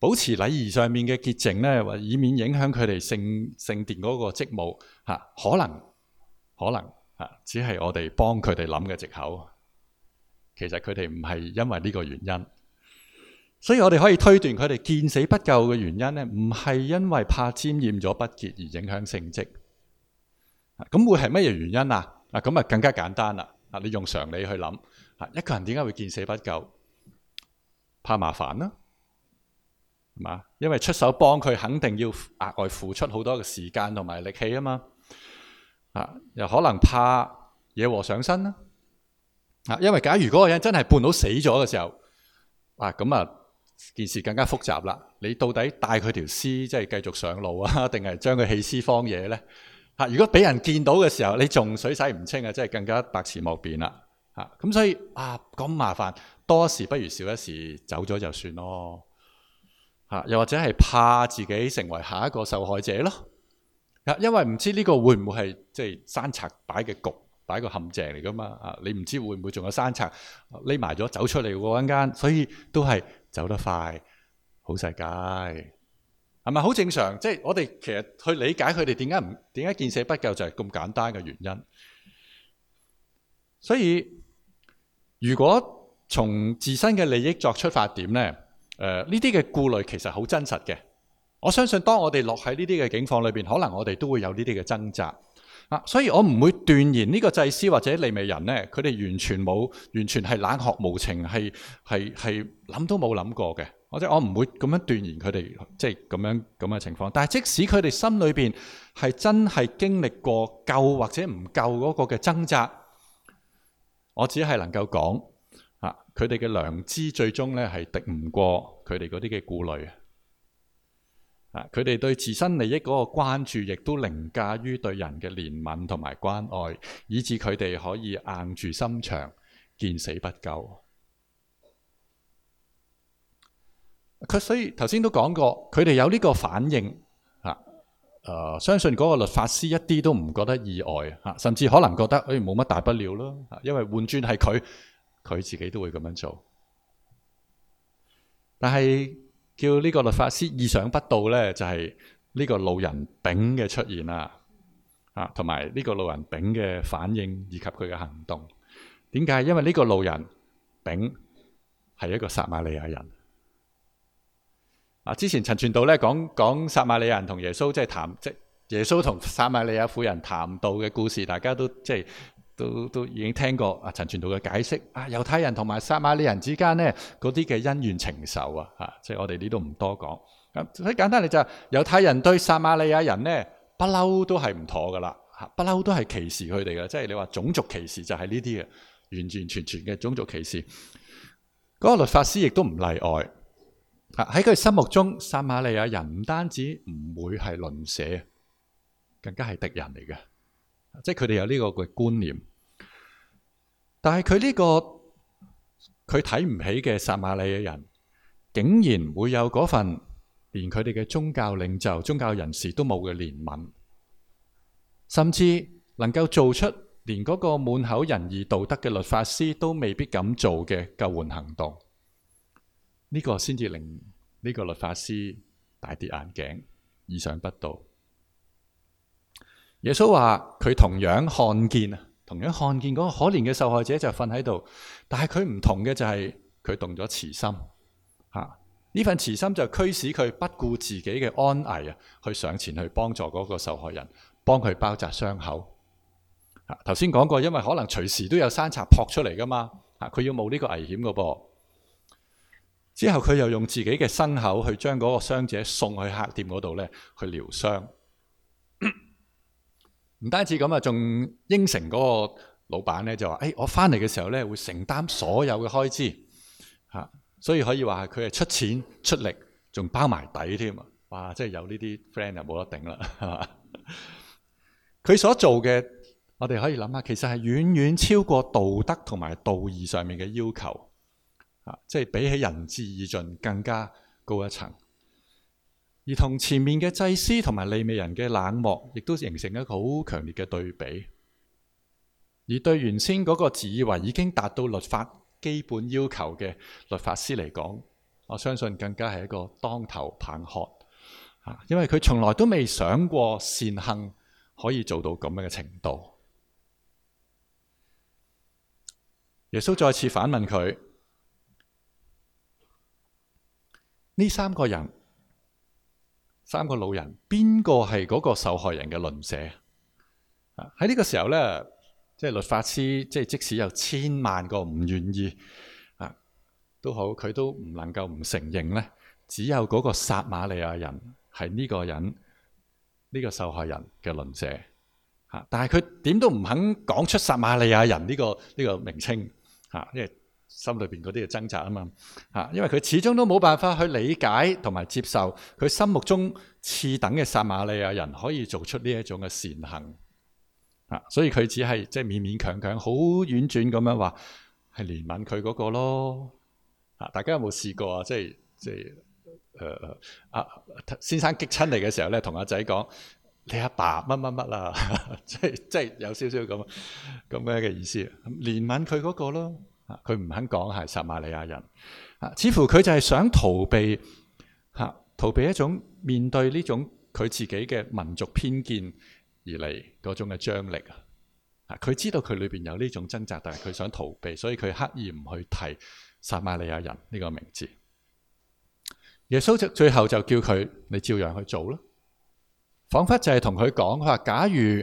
保持禮儀上面嘅潔淨咧，或以免影響佢哋聖聖殿嗰個職務、啊、可能可能嚇、啊，只係我哋幫佢哋諗嘅藉口。其實佢哋唔係因為呢個原因，所以我哋可以推斷佢哋見死不救嘅原因咧，唔係因為怕沾染咗不潔而影響聖職。咁、啊、會係乜嘢原因啊？啊咁啊更加簡單啦！啊你用常理去諗。啊！一個人點解會見死不救？怕麻煩啦、啊，係嘛？因為出手幫佢，肯定要額外付出好多嘅時間同埋力氣啊嘛。啊，又可能怕惹禍上身啦、啊。啊，因為假如嗰個人真係半路死咗嘅時候，啊咁啊，件事更加複雜啦。你到底帶佢條屍即係繼續上路啊，定係將佢棄屍荒野呢？啊，如果俾人見到嘅時候，你仲水洗唔清啊，即係更加百辭莫辯啦。啊，咁所以啊，咁麻煩，多一事不如少一事，走咗就算咯。啊，又或者係怕自己成為下一個受害者咯。啊，因為唔知呢個會唔會係即係山賊擺嘅局，擺個陷阱嚟噶嘛？啊，你唔知會唔會仲有山賊匿埋咗走出嚟嗰間，所以都係走得快，好世界係咪好正常？即係我哋其實去理解佢哋點解唔點解見死不救，就係咁簡單嘅原因，所以。如果從自身嘅利益作出發點呢，誒呢啲嘅顧慮其實好真實嘅。我相信當我哋落喺呢啲嘅境況裏邊，可能我哋都會有呢啲嘅掙扎、啊、所以我唔會斷言呢個祭司或者利未人呢，佢哋完全冇、完全係冷酷無情、係係係諗都冇諗過嘅。或者我唔會咁樣斷言佢哋即係咁樣咁嘅情況。但係即使佢哋心裏邊係真係經歷過救或者唔救嗰個嘅掙扎。我只係能夠講，啊，佢哋嘅良知最終咧係敵唔過佢哋嗰啲嘅顧慮，啊，佢哋對自身利益嗰個關注，亦都凌駕於對人嘅憐憫同埋關愛，以致佢哋可以硬住心腸，見死不救。佢所以頭先都講過，佢哋有呢個反應。呃，相信嗰個律法師一啲都唔覺得意外，甚至可能覺得誒冇乜大不了咯，因為換轉係佢，佢自己都會咁樣做。但係叫呢個律法師意想不到咧，就係、是、呢個路人丙嘅出現啦，啊，同埋呢個路人丙嘅反應以及佢嘅行動，點解？因為呢個路人丙係一個撒瑪利亞人。啊！之前陳傳道咧講講撒瑪利亞人同耶穌即係、就是、談即耶穌同撒瑪利亞婦人談道嘅故事，大家都即係都都已經聽過啊！陳傳道嘅解釋啊，猶太人同埋撒瑪利亞人之間咧嗰啲嘅恩怨情仇啊，嚇！即係我哋呢都唔多講咁。最簡單嚟就係猶太人對撒瑪利亞人咧，不嬲都係唔妥㗎喇，嚇！不嬲都係歧視佢哋嘅，即係你話種族歧視就係呢啲嘅，完完全全嘅種族歧視。嗰、那個律法師亦都唔例外。喺佢心目中，撒瑪利亞人唔單止唔會係鄰舍，更加係敵人嚟嘅，即係佢哋有呢個嘅觀念。但係佢呢個佢睇唔起嘅撒瑪利亞人，竟然會有嗰份連佢哋嘅宗教領袖、宗教人士都冇嘅憐憫，甚至能夠做出連嗰個滿口仁義道德嘅律法師都未必敢做嘅救援行動。呢個先至令呢個律法師大跌眼鏡，意想不到。耶穌話佢同樣看見啊，同樣看見嗰個可憐嘅受害者就瞓喺度，但係佢唔同嘅就係佢動咗慈心啊！呢份慈心就驅使佢不顧自己嘅安危啊，去上前去幫助嗰個受害人，幫佢包紮傷口。啊，頭先講過，因為可能隨時都有山賊撲出嚟㗎嘛，啊，佢要冒呢個危險㗎噃。之後佢又用自己嘅牲口去將嗰個傷者送去客店嗰度咧，去療傷。唔 單止咁啊，仲應承嗰個老闆咧就話：誒、哎，我翻嚟嘅時候咧會承擔所有嘅開支。吓、啊，所以可以話佢係出錢出力，仲包埋底添。哇，即係有呢啲 friend 就冇得頂啦。佢、啊、所做嘅，我哋可以諗下，其實係遠遠超過道德同埋道義上面嘅要求。即係比起仁至義盡更加高一層，而同前面嘅祭司同埋利未人嘅冷漠，亦都形成一個好強烈嘅對比。而對原先嗰個自以為已經達到律法基本要求嘅律法師嚟講，我相信更加係一個當頭棒喝，因為佢從來都未想過善行可以做到咁樣嘅程度。耶穌再次反問佢。呢三個人，三個老人，邊個係嗰個受害人嘅鄰舍啊？喺呢個時候咧，即係律法師，即係即使有千萬個唔願意啊，也好都好佢都唔能夠唔承認咧。只有嗰個撒瑪利亞人係呢個人，呢、這個受害人嘅鄰舍嚇。但係佢點都唔肯講出撒瑪利亞人呢、這個呢、這個名稱嚇，因為。心裏邊嗰啲嘅掙扎啊嘛，啊，因為佢始終都冇辦法去理解同埋接受佢心目中次等嘅撒瑪利亞人可以做出呢一種嘅善行啊，所以佢只係即係勉勉強強，好婉轉咁樣話係憐憫佢嗰個咯啊！大家有冇試過啊？即係即係誒、呃、啊！先生激親你嘅時候咧，同阿仔講你阿爸乜乜乜嗱，即係即係有少少咁咁嘅一個意思，啊、憐憫佢嗰個咯。佢唔肯講係撒瑪利亞人，啊，似乎佢就係想逃避嚇，逃避一種面對呢種佢自己嘅民族偏見而嚟嗰種嘅張力啊！佢知道佢裏邊有呢種掙扎，但係佢想逃避，所以佢刻意唔去提撒瑪利亞人呢個名字。耶穌最後就叫佢：你照樣去做囉，彷彿就係同佢講，佢話假如。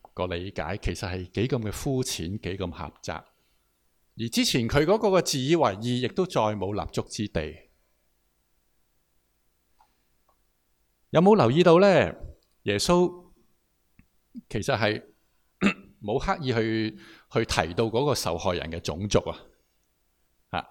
個理解其實係幾咁嘅膚淺，幾咁狹窄。而之前佢嗰個自以為義，亦都再冇立足之地。有冇留意到咧？耶穌其實係冇刻意去去提到嗰個受害人嘅種族啊。啊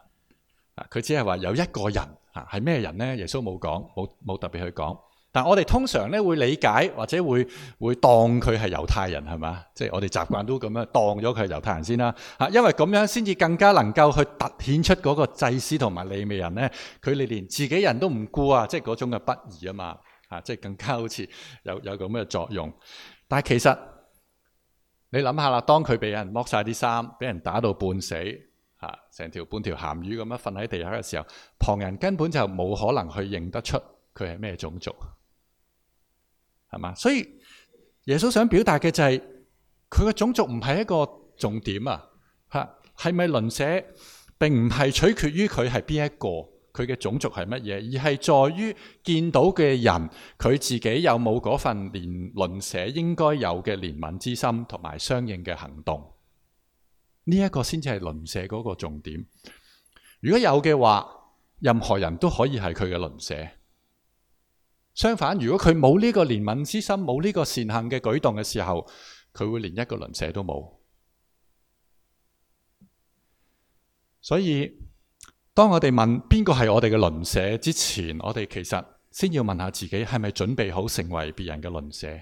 啊，佢只係話有一個人啊，係咩人咧？耶穌冇講，冇冇特別去講。但我哋通常咧會理解或者會會當佢係猶太人係嘛？即係、就是、我哋習慣都咁樣當咗佢係猶太人先啦嚇，因為咁樣先至更加能夠去突顯出嗰個祭司同埋利未人咧，佢哋連自己人都唔顧啊！即係嗰種嘅不義啊嘛嚇，即係、就是、更加好似有有咁嘅作用。但係其實你諗下啦，當佢俾人剝晒啲衫，俾人打到半死嚇，成條半條鹹魚咁樣瞓喺地下嘅時候，旁人根本就冇可能去認得出佢係咩種族。係嘛？所以耶穌想表達嘅就係佢嘅種族唔係一個重點啊！吓，係咪鄰舍，並唔係取決於佢係邊一個，佢嘅種族係乜嘢，而係在於見到嘅人，佢自己有冇嗰份連鄰舍應該有嘅憐憫之心同埋相應嘅行動。呢一個先至係鄰舍嗰個重點。如果有嘅話，任何人都可以係佢嘅鄰舍。相反，如果佢冇呢個憐憫之心，冇呢個善行嘅舉動嘅時候，佢會連一個鄰舍都冇。所以，當我哋問邊個係我哋嘅鄰舍之前，我哋其實先要問下自己，係咪準備好成為別人嘅鄰舍？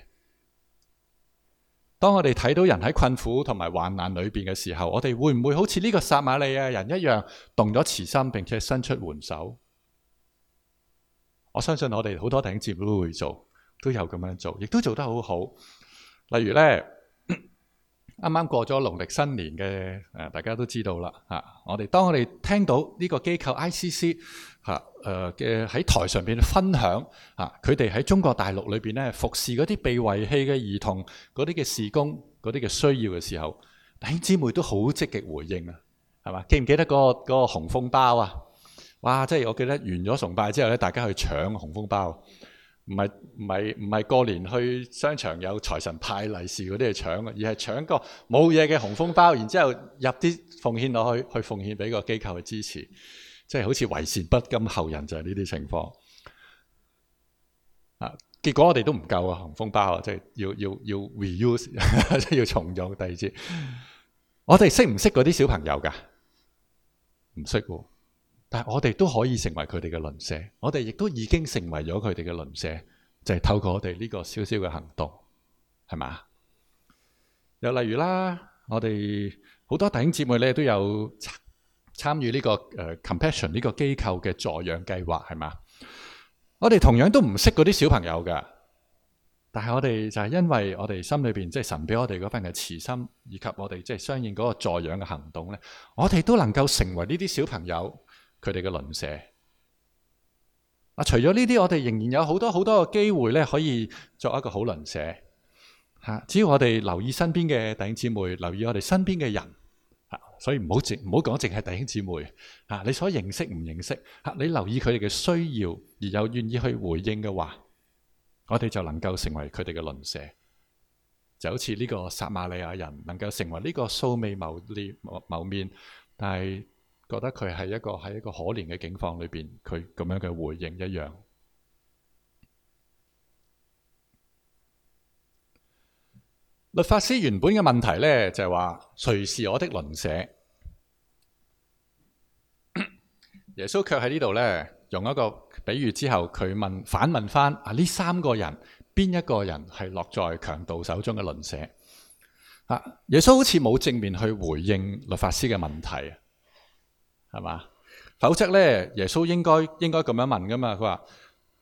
當我哋睇到人喺困苦同埋患難裏邊嘅時候，我哋會唔會好似呢個撒瑪利亞人一樣，動咗慈心，並且伸出援手？我相信我哋好多弟兄姊妹都會做，都有咁樣做，亦都做得好好。例如咧，啱啱過咗農曆新年嘅，誒大家都知道啦嚇。我哋當我哋聽到呢個機構 ICC 嚇誒嘅喺台上邊分享嚇，佢哋喺中國大陸裏邊咧服侍嗰啲被遺棄嘅兒童嗰啲嘅事工嗰啲嘅需要嘅時候，弟兄姊妹都好積極回應啊，係嘛？記唔記得嗰個嗰個紅封包啊？哇！即係我記得完咗崇拜之後咧，大家去搶紅封包，唔係唔係唔係過年去商場有財神派利是嗰啲去搶，而係搶個冇嘢嘅紅封包，然之後入啲奉獻落去，去奉獻俾個機構去支持，即係好似為善不甘後人就係呢啲情況。啊！結果我哋都唔夠啊，紅封包啊，即係要要要 reuse，即 係要重用第二次。我哋識唔識嗰啲小朋友噶？唔識喎。但係我哋都可以成為佢哋嘅鄰舍，我哋亦都已經成為咗佢哋嘅鄰舍，就係透過我哋呢個小小嘅行動，係嘛？又例如啦，我哋好多弟兄姊妹咧都有參與呢個誒 Compassion 呢個機構嘅助養計劃，係嘛？我哋同樣都唔識嗰啲小朋友㗎。但係我哋就係因為我哋心裏邊即係神俾我哋嗰份嘅慈心，以及我哋即係相應嗰個助養嘅行動咧，我哋都能夠成為呢啲小朋友。佢哋嘅鄰舍啊，除咗呢啲，我哋仍然有好多好多嘅機會咧，可以作一個好鄰舍吓。只要我哋留意身邊嘅弟兄姊妹，留意我哋身邊嘅人吓、啊，所以唔好淨唔好講淨係弟兄姊妹吓、啊。你所認識唔認識吓、啊？你留意佢哋嘅需要，而又願意去回應嘅話，我哋就能夠成為佢哋嘅鄰舍，就好似呢個撒瑪利亞人能夠成為呢個素未謀面謀面，但係。覺得佢係一個喺一個可憐嘅境況裏邊，佢咁樣嘅回應一樣。律法師原本嘅問題呢，就係話，誰是我的鄰舍？ 耶穌卻喺呢度呢，用一個比喻之後，佢問反問翻啊，呢三個人邊一個人係落在強盜手中嘅鄰舍啊？耶穌好似冇正面去回應律法師嘅問題。係嘛？否則咧，耶穌應該應該咁樣問噶嘛？佢話：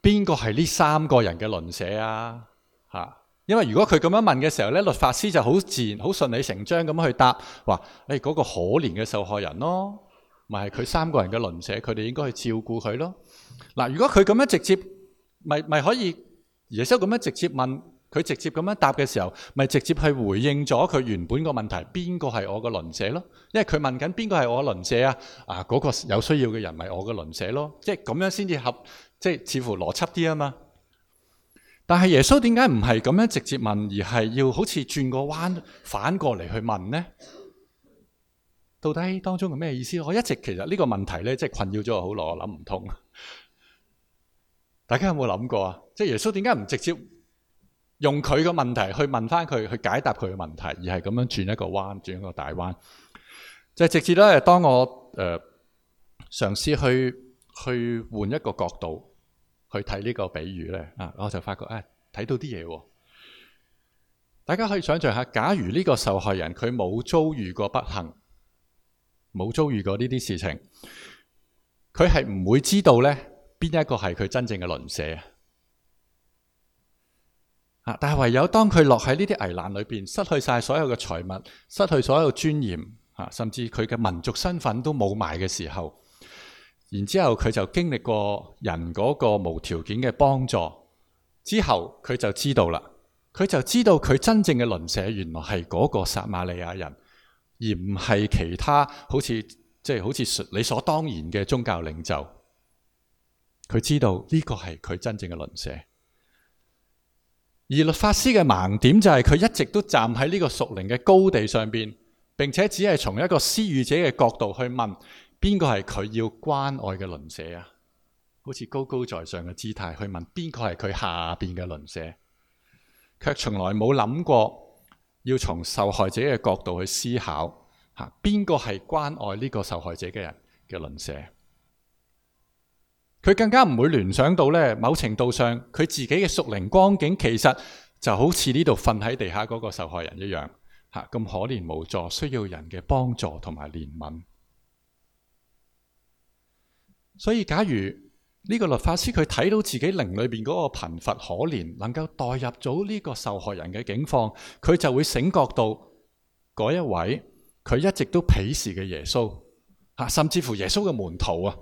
邊個係呢三個人嘅鄰舍啊？嚇！因為如果佢咁樣問嘅時候咧，律法師就好自然、好順理成章咁去答：話，誒、那、嗰個可憐嘅受害人咯，咪係佢三個人嘅鄰舍，佢哋應該去照顧佢咯。嗱，如果佢咁樣直接，咪咪可以耶穌咁樣直接問？佢直接咁樣答嘅時候，咪直接去回應咗佢原本個問題，邊個係我個鄰舍咯？因為佢問緊邊個係我個鄰舍啊？啊，嗰個有需要嘅人咪我嘅鄰舍咯？即係咁樣先至合，即係似乎邏輯啲啊嘛。但係耶穌點解唔係咁樣直接問，而係要好似轉個彎，反過嚟去問呢？到底當中係咩意思？我一直其實呢個問題咧，即係困擾咗我好耐，我諗唔通。大家有冇諗過啊？即係耶穌點解唔直接？用佢個問題去問翻佢，去解答佢個問題，而係咁樣轉一個彎，轉一個大彎，就直至咧。當我誒、呃、嘗試去去換一個角度去睇呢個比喻咧，啊，我就發覺啊，睇、哎、到啲嘢。大家可以想象一下，假如呢個受害人佢冇遭遇過不幸，冇遭遇過呢啲事情，佢係唔會知道咧邊一個係佢真正嘅鄰舍啊！啊！但係唯有當佢落喺呢啲危難裏邊，失去晒所有嘅財物，失去所有尊嚴，啊，甚至佢嘅民族身份都冇埋嘅時候，然之後佢就經歷過人嗰個無條件嘅幫助之後，佢就知道啦。佢就知道佢真正嘅鄰舍原來係嗰個撒瑪利亞人，而唔係其他好似即係好似理所當然嘅宗教領袖。佢知道呢個係佢真正嘅鄰舍。而律法師嘅盲點就係佢一直都站喺呢個屬靈嘅高地上邊，並且只係從一個施予者嘅角度去問邊個係佢要關愛嘅鄰舍啊？好似高高在上嘅姿態去問邊個係佢下邊嘅鄰舍，卻從來冇諗過要從受害者嘅角度去思考吓邊個係關愛呢個受害者嘅人嘅鄰舍。佢更加唔會聯想到咧，某程度上佢自己嘅屬靈光景，其實就好似呢度瞓喺地下嗰個受害人一樣，嚇咁可憐無助，需要人嘅幫助同埋憐憫。所以，假如呢個律法師佢睇到自己靈裏邊嗰個貧乏可憐，能夠代入咗呢個受害人嘅境況，佢就會醒覺到嗰一位佢一直都鄙視嘅耶穌，嚇甚至乎耶穌嘅門徒啊。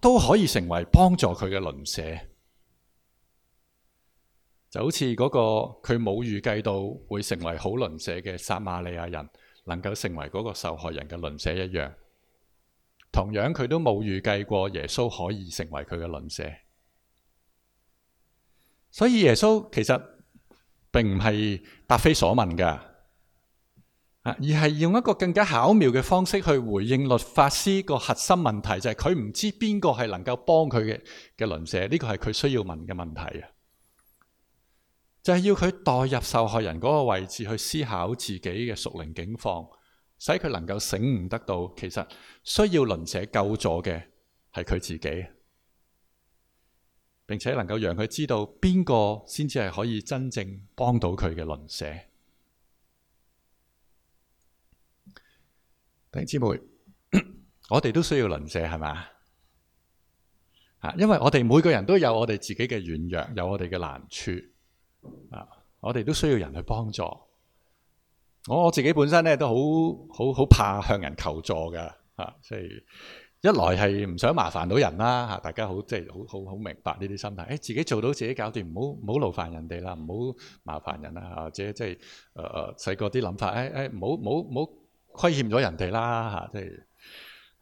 都可以成為幫助佢嘅鄰舍，就好似嗰個佢冇預計到會成為好鄰舍嘅撒瑪利亞人，能夠成為嗰個受害人嘅鄰舍一樣。同樣佢都冇預計過耶穌可以成為佢嘅鄰舍，所以耶穌其實並唔係答非所問㗎。而係用一個更加巧妙嘅方式去回應律法師個核心問題，就係佢唔知邊個係能夠幫佢嘅嘅鄰舍，呢個係佢需要問嘅問題啊！就係、是、要佢代入受害人嗰個位置去思考自己嘅屬靈境況，使佢能夠醒悟得到，其實需要鄰舍救助嘅係佢自己，並且能夠讓佢知道邊個先至係可以真正幫到佢嘅鄰舍。兄姐妹，我哋都需要鄰舍，係嘛啊？因為我哋每個人都有我哋自己嘅軟弱，有我哋嘅難處啊！我哋都需要人去幫助我。我自己本身咧都好好好怕向人求助嘅啊，所以一來係唔想麻煩到人啦吓，大家好即係好好好明白呢啲心態。誒、哎，自己做到自己搞掂，唔好唔好勞煩人哋啦，唔好麻煩人啦，或者即係誒誒，細個啲諗法，誒、哎、誒，唔好唔好唔好。虧欠咗人哋啦嚇，即係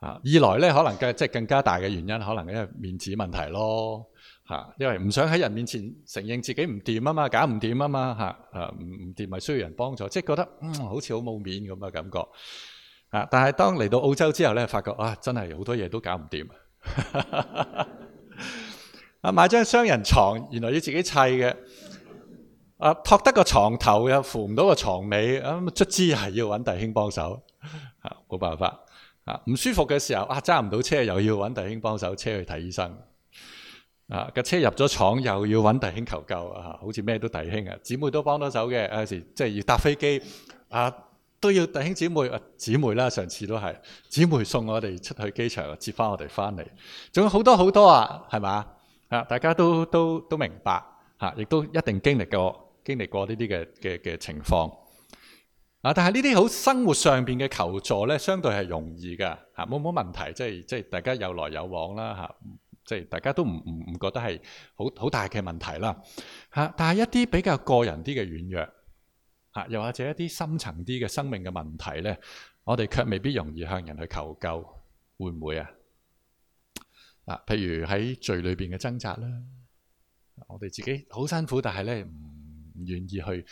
嚇。二來咧，可能嘅即係更加大嘅原因，可能因為面子問題咯嚇、啊。因為唔想喺人面前承認自己唔掂啊嘛，搞唔掂啊嘛嚇。誒唔唔掂，咪需要人幫助，即係覺得嗯，好似好冇面咁嘅感覺嚇、啊。但係當嚟到澳洲之後咧，發覺啊，真係好多嘢都搞唔掂、啊。啊，買張雙人床，原來要自己砌嘅，啊托得個床頭嘅，又扶唔到個床尾，咁、啊、卒之係要搵弟兄幫手。啊，冇辦法啊！唔舒服嘅時候啊，揸唔到車，又要揾弟兄幫手車去睇醫生啊！架車入咗廠，又要揾弟兄求救啊！好似咩都弟兄啊，姊妹都幫到手嘅。有陣時即係、就是、要搭飛機啊，都要弟兄姊妹姊、啊、妹啦，上次都係姊妹送我哋出去機場，接翻我哋翻嚟，仲有好多好多啊，係咪啊！大家都都都明白吓，亦、啊、都一定經歷過經歷過呢啲嘅嘅嘅情況。嗱，但係呢啲好生活上邊嘅求助呢，相對係容易噶，吓，冇冇問題，即係即係大家有來有往啦，吓，即係大家都唔唔覺得係好好大嘅問題啦，吓。但係一啲比較個人啲嘅軟弱，吓，又或者一啲深層啲嘅生命嘅問題呢，我哋卻未必容易向人去求救，會唔會啊？嗱，譬如喺罪裏邊嘅掙扎啦，我哋自己好辛苦，但係呢，唔唔願意去。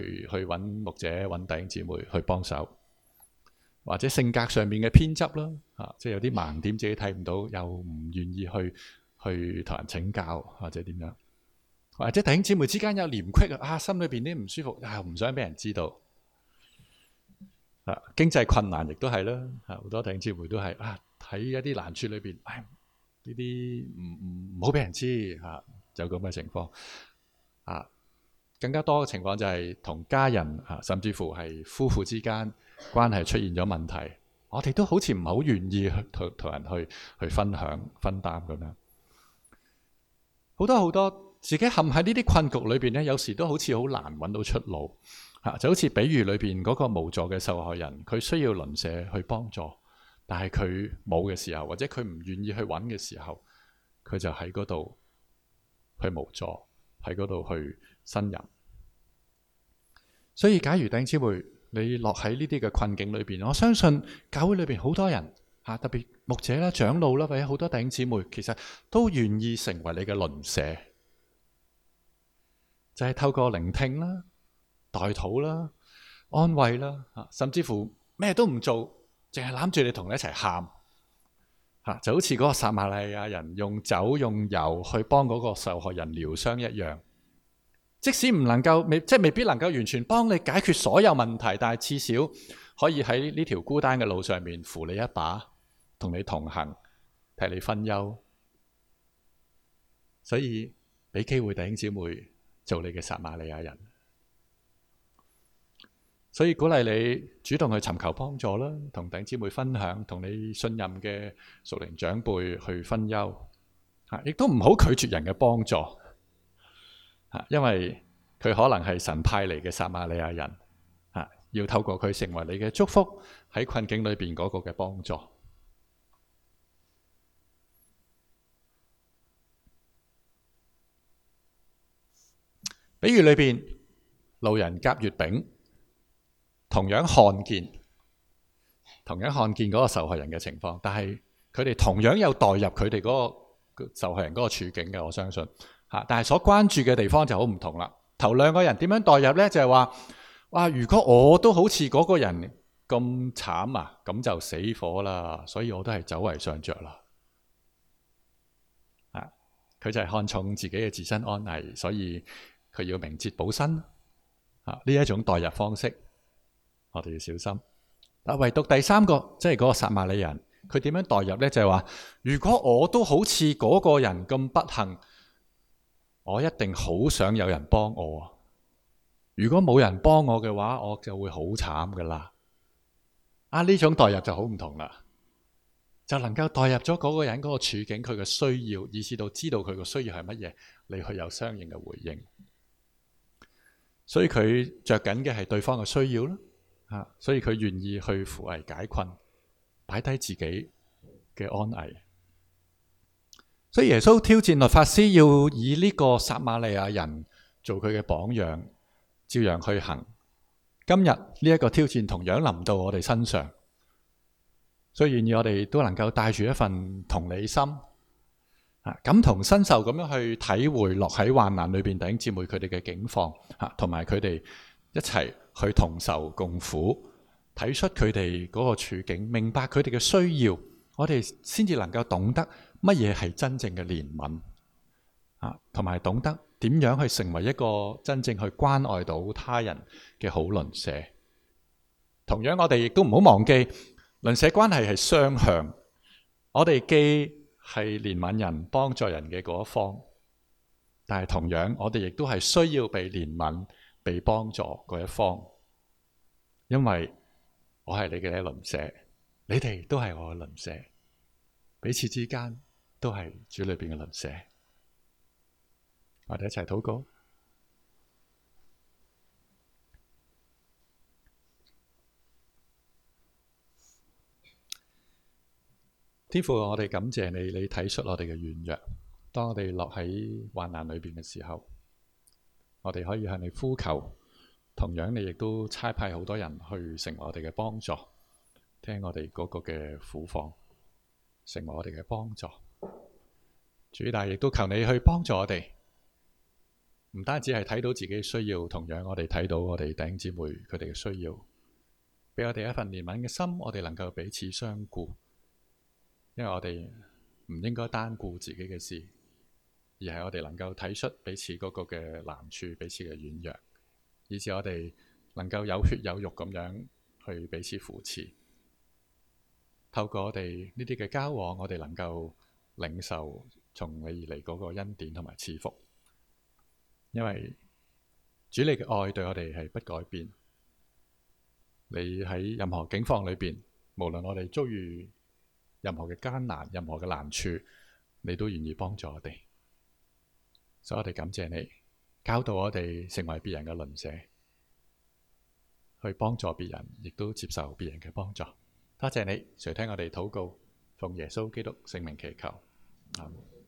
去去揾牧者，揾弟兄姊妹去幫手，或者性格上面嘅偏執啦，吓、啊、即係有啲盲點自己睇唔到，又唔願意去去同人請教，或者點樣，或者弟兄姊妹之間有嫌隙啊，心裏邊啲唔舒服，又、啊、唔想俾人知道，啊，經濟困難亦都係啦，啊，好多弟兄姊妹都係啊，喺一啲難處裏邊，呢啲唔唔好俾人知吓，就咁嘅情況啊。更加多嘅情況就係同家人啊，甚至乎係夫婦之間關係出現咗問題，我哋都好似唔係好願意去同同人去去分享分擔咁樣。好多好多自己陷喺呢啲困局裏邊咧，有時都好似好難揾到出路啊！就好似比喻裏邊嗰個無助嘅受害人，佢需要鄰舍去幫助，但係佢冇嘅時候，或者佢唔願意去揾嘅時候，佢就喺嗰度去無助，喺嗰度去信任，所以假如弟兄姊妹你落喺呢啲嘅困境裏邊，我相信教會裏邊好多人吓，特別牧者啦、長老啦，或者好多弟兄姊妹，其實都願意成為你嘅鄰舍，就係透過聆聽啦、代禱啦、安慰啦，吓甚至乎咩都唔做，淨係攬住你同你一齊喊，吓就好似嗰個撒瑪利亞人用酒用油去幫嗰個受害人療傷一樣。即使唔能夠未，即係未必能夠完全幫你解決所有問題，但係至少可以喺呢條孤單嘅路上面扶你一把，同你同行，替你分憂。所以俾機會弟兄姊妹做你嘅撒瑪利亞人，所以鼓勵你主動去尋求幫助啦，同弟兄姊妹分享，同你信任嘅熟齡長輩去分憂。吓，亦都唔好拒絕人嘅幫助。啊，因為佢可能係神派嚟嘅撒瑪利亞人，啊，要透過佢成為你嘅祝福，喺困境裏邊嗰個嘅幫助。比如裏邊路人甲、乙、丙同樣看見，同樣看見嗰個受害人嘅情況，但係佢哋同樣有代入佢哋嗰個受害人嗰個處境嘅，我相信。但係所關注嘅地方就好唔同啦。頭兩個人點樣代入呢？就係話：哇！如果我都好似嗰個人咁慘啊，咁就死火啦。所以我都係走為上着啦。佢、啊、就係看重自己嘅自身安危，所以佢要明哲保身。呢、啊、一種代入方式，我哋要小心。唯獨第三個，即係嗰個撒瑪利人，佢點樣代入呢？就係話：如果我都好似嗰個人咁不幸，我一定好想有人幫我，如果冇人幫我嘅話，我就會好慘噶啦。啊，呢種代入就好唔同啦，就能夠代入咗嗰個人嗰個處境，佢嘅需要，以至到知道佢個需要係乜嘢，你去有相應嘅回應。所以佢着緊嘅係對方嘅需要咯，吓，所以佢願意去扶危解困，擺低自己嘅安危。所以耶穌挑戰律法師，要以呢個撒瑪利亞人做佢嘅榜樣，照樣去行。今日呢一個挑戰同樣臨到我哋身上，所以願意我哋都能夠帶住一份同理心，啊，感同身受咁樣去體會落喺患難裏邊弟兄姊妹佢哋嘅境況，吓，同埋佢哋一齊去同仇共苦，睇出佢哋嗰個處境，明白佢哋嘅需要，我哋先至能夠懂得。乜嘢係真正嘅憐憫啊？同埋懂得點樣去成為一個真正去關愛到他人嘅好鄰舍。同樣，我哋亦都唔好忘記鄰舍關係係雙向。我哋既係憐憫人、幫助人嘅嗰一方，但係同樣我哋亦都係需要被憐憫、被幫助嗰一方。因為我係你嘅鄰舍，你哋都係我嘅鄰舍，彼此之間。都係主裏邊嘅鄰舍，我哋一齊禱告。天父，我哋感謝你，你睇出我哋嘅軟弱。當我哋落喺患難裏邊嘅時候，我哋可以向你呼求。同樣，你亦都差派好多人去成為我哋嘅幫助，聽我哋嗰個嘅苦況，成為我哋嘅幫助。主，大亦都求你去幫助我哋，唔單止係睇到自己需要，同樣我哋睇到我哋弟兄姊妹佢哋嘅需要，俾我哋一份憐憫嘅心，我哋能夠彼此相顧，因為我哋唔應該單顧自己嘅事，而係我哋能夠睇出彼此嗰個嘅難處、彼此嘅軟弱，以至我哋能夠有血有肉咁樣去彼此扶持。透過我哋呢啲嘅交往，我哋能夠領受從你而嚟嗰個恩典同埋賜福，因為主你嘅愛對我哋係不改變。你喺任何境況裏邊，無論我哋遭遇任何嘅艱難、任何嘅難處，你都願意幫助我哋，所以我哋感謝你，教導我哋成為別人嘅鄰舍，去幫助別人，亦都接受別人嘅幫助。多謝你，垂聽我哋禱告，奉耶穌基督聖名祈求，阿門。